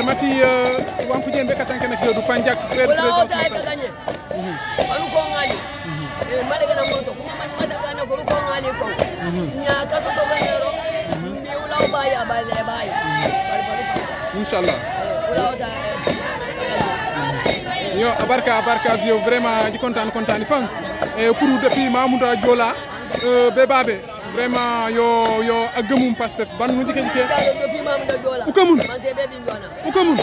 armati euh, wankujembe katankene joodu panjak présidentgagné mhm. alu ko ŋaali mhm. eh, malagana moto kuma matagana koru ko ŋaali ko ña mhm. kaso to banero mbiwlaw bayi a bayle bayi inchallah wulawta eh, eh, yo a barka a barka bio vraiment di contane contane fan e pour depuis mamoudou vraiment yo yo a pastef ban mu jike jike u ko mun u ko mun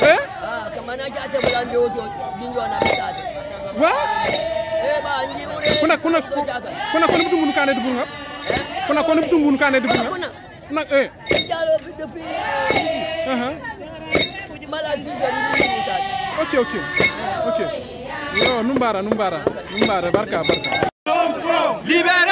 eh kamana ja ta bulan do do dinjona bisade wa eh ba ngi wure kuna kuna kuna kuna butu mun kané dubul nga kuna kuna butu mun kané dubul nga nak eh jalo bi depuis aha mala season ni ok ok ok yo numbara numbara numbara barka barka libéré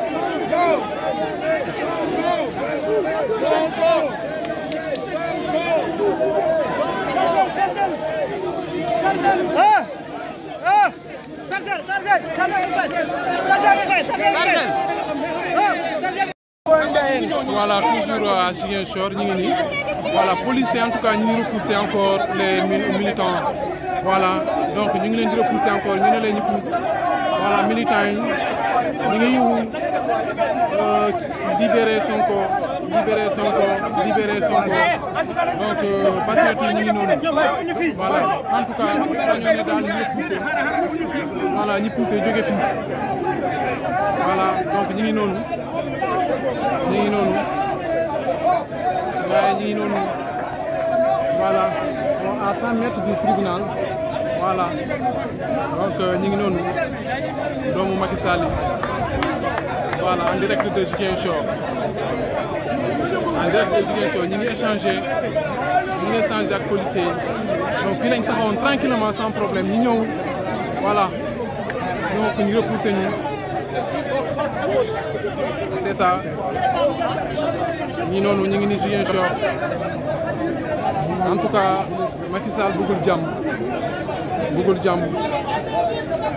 Voilà, toujours à Chor, Voilà, policiers en tout cas, nous repoussons encore les militants. Voilà, donc nous les repoussons encore, nous les repoussons. Voilà, militants, nous euh, libérer son corps, Sonko son corps. donc de euh, Donc, ñu ngi noonu voilà en tout cas on est dans poussé voilà ni poussé voilà donc ni ngi Ni ngi Voilà, voilà à 100 mètres du tribunal voilà donc ni euh, ngi noonu doomu Macky voilà, en direct de Ziguinchor. En direct de Ziguinchor, ñu ngi échanger ñu ngi échanger ak policiers donc fii lañ taxawoon tranquillement sans problème ñu ñëw voilà ñoo ko ñu repoussé ñu. C'est ça ñi noonu ñu ngi ni Ziguinchor en tout cas Macky Sall bëggul jàmm bëggul jàmm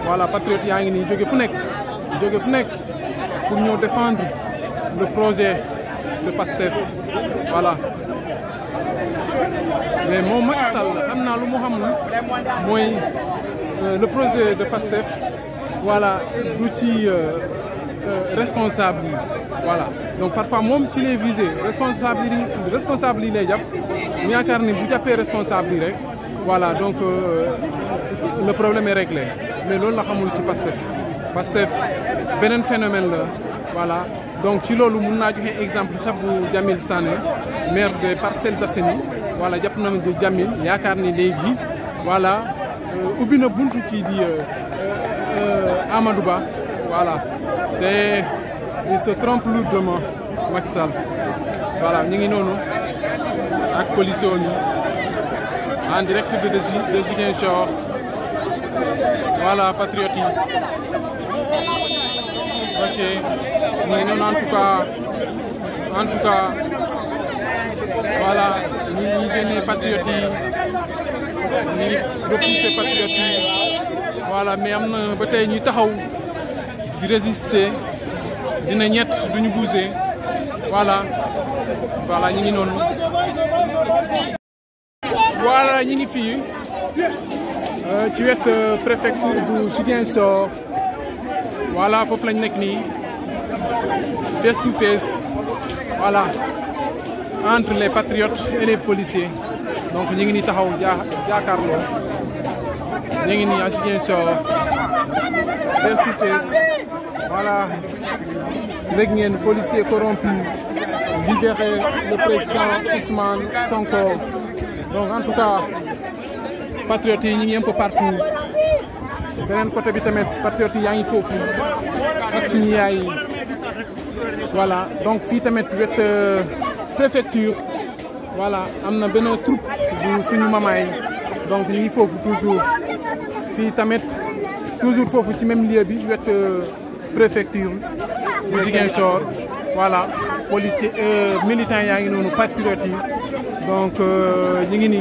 voilà patriote yaa ngi nii jóge fu nekk jóge fu nekk pour nous défendre le projet de PASTEF. Voilà. Mais mon Maxal, moi, euh, le projet de PASTEF, voilà, d'outils euh, euh, responsables. Voilà. Donc parfois, moi, je suis visé. Responsable, responsable, il est mais responsable, Voilà, donc euh, le problème est réglé. Mais là, je suis sais c'est un phénomène voilà donc ci loolu a na joxe exemple ça bu Jamil Sané maire de Parcelles Assainies voilà japp na Jamil yaakaar ni voilà Oubino euh, na buntu qui di euh, euh, Amadou Amadouba. voilà il se trompe lourdement Macky voilà nous ngi nonu ak policiers en direct de de voilà patriote Ok. Mais non, en tout cas, en tout cas, voilà, nous sommes patriotique, nous patriotique. Voilà, mais nous ba résister dina de bouger voilà voilà voilà tu ngi tu Tu es préfecture du Sort voilà faut lañ nekk nii face to face voilà entre les patriotes et les policiers donc nous ngi nii taxaw jàkkaarloo nous ngi nii à face to face voilà dégg ngeen policiers corrompus, libéré le président Ousmane Sonko donc en tout cas patriotes yi un peu partout. beneen côté bi tamit patriote yi yaa ngi foofu ak suñu yaay yi voilà donc fii tamit wet euh, préfecture voilà am na benn troupe bu suñu mama yi donc ñu ngi foofu toujours fii tamit toujours foofu ci même lieu bi wet euh, préfecture bu Ziguinchor voilà policier euh, militants yaa ngi noonu patriotes yi donc ñu ngi ni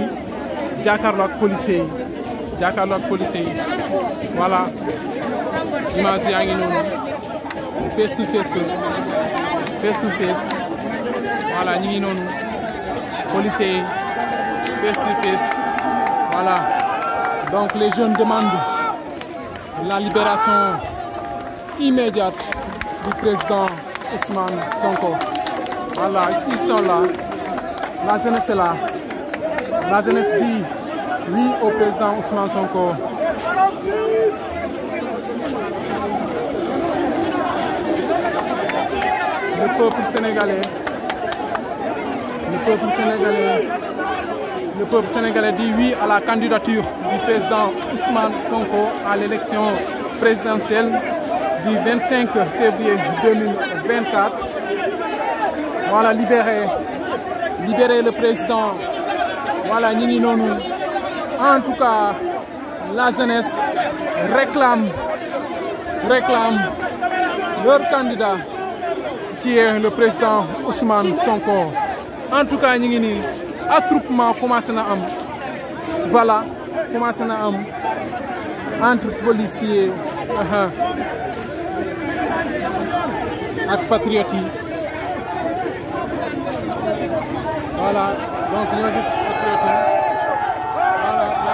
jàkkaarloo ak policiers yi. jàkkaarloog policier. voilà image dit ngi noonu face to face face to face voilà nous sommes face to face voilà donc les jeunes demandent la libération immédiate du président Ousmane Sonko. Voilà, ils sont là. La jeunesse est là. La jeunesse dit oui au président Ousmane Sonko. Le peuple sénégalais. Le peuple sénégalais. Le peuple sénégalais dit oui à la candidature du président Ousmane Sonko à l'élection présidentielle du 25 février 2024. Voilà, libérer, libérer le président. Voilà, Nini Nonou. En tout cas, la jeunesse réclame, réclame leur candidat qui est le président Ousmane Sonko. En tout cas, nous avons attroupement commence à am. Voilà, commence à am entre policiers et patriotes. Voilà, donc nous avons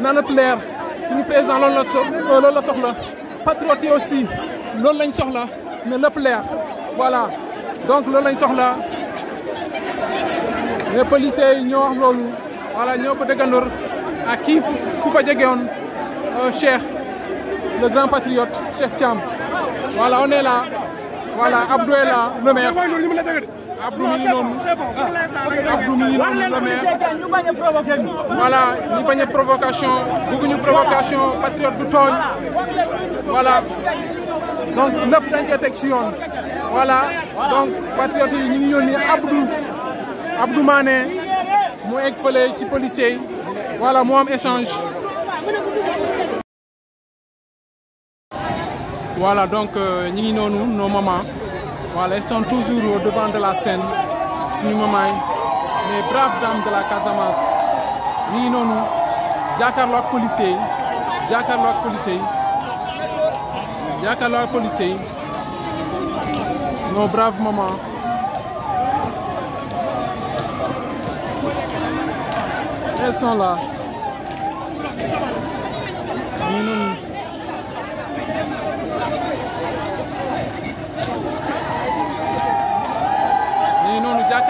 na lépp suñu président loolu la so euh, soxla patriote aussi loolu lañ soxla mais lépp voilà donc loolu lañ soxla les policiers yi ñoo wax loolu voilà ñoo ko leur ak kii ku fa jegewoon euh, Cheikh le grand patriote Cheikh Thiam voilà on est là voilà Abdou est là le maire c'est bon c'est bon voilà nous provocation une provocation patriote du voilà donc nous avons voilà donc patriote nous avons Abdou Abdou Mané policier voilà moi échange voilà donc nous avons une nos mamans voilà, ils sont toujours au devant de la scène. Si maman les braves dames de la Casamance Ni non, non. jàkkaarloo ak policiers Jacques jàkkaarloo policiers nos braves mamans. elles sont là non,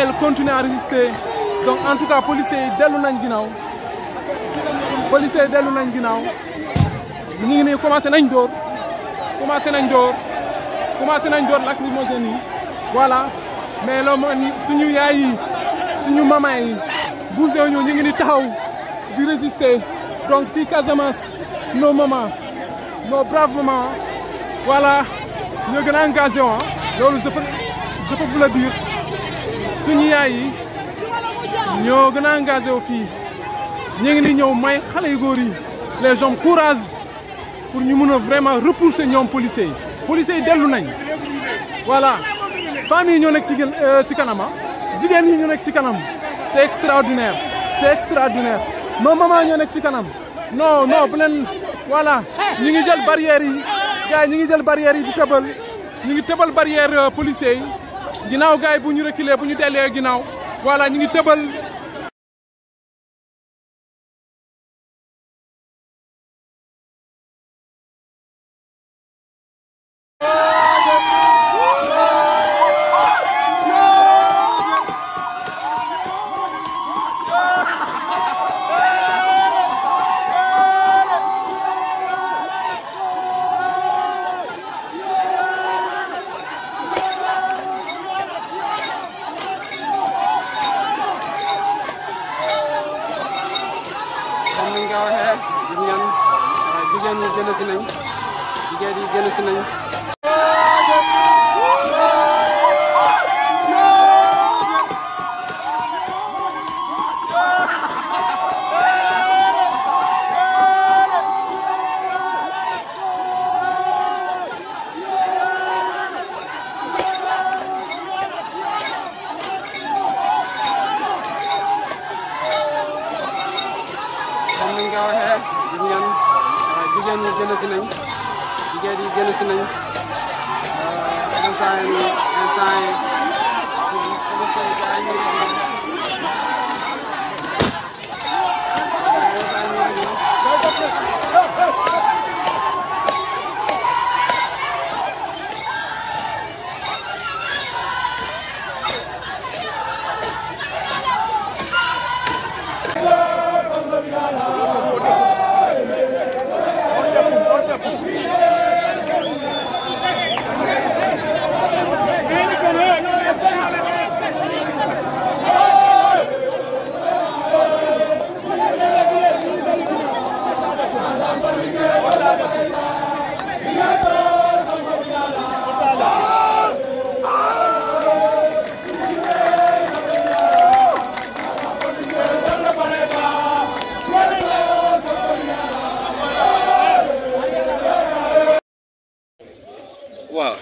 elle continue à résister donc en tout cas policiers dès dellu nañ ginnaaw policiers yi dellu nañ à ñu ngi nii commencé nañ à commencé nañ dóor commencé nañ d'or, lacrymogène voilà mais si nous suñu yaay si nous maman, yi bougé ñu ñu ngi résister donc fi Casamance nos mamans nos braves mamans voilà nous avons une engagé hein. je peux vous le dire. Nous yaay yi ñoo gën a engagé wu ngi ñëw may les gens courage pour nous vraiment repousser les policiers Les policiers yi voilà Famille yi ñoo nekk ci euh, ci kanama ah. c'est extraordinaire c'est extraordinaire ma maman ñoo nekk ci non non voilà Nous ngi jël barrières yi avons des ngi barrières yi di tëbal ngi barrière euh, policiers ginnaaw gars yi bu ñu reculer bu ñu dellee ginnaaw voilà ñu ngi tëbal sai Wow.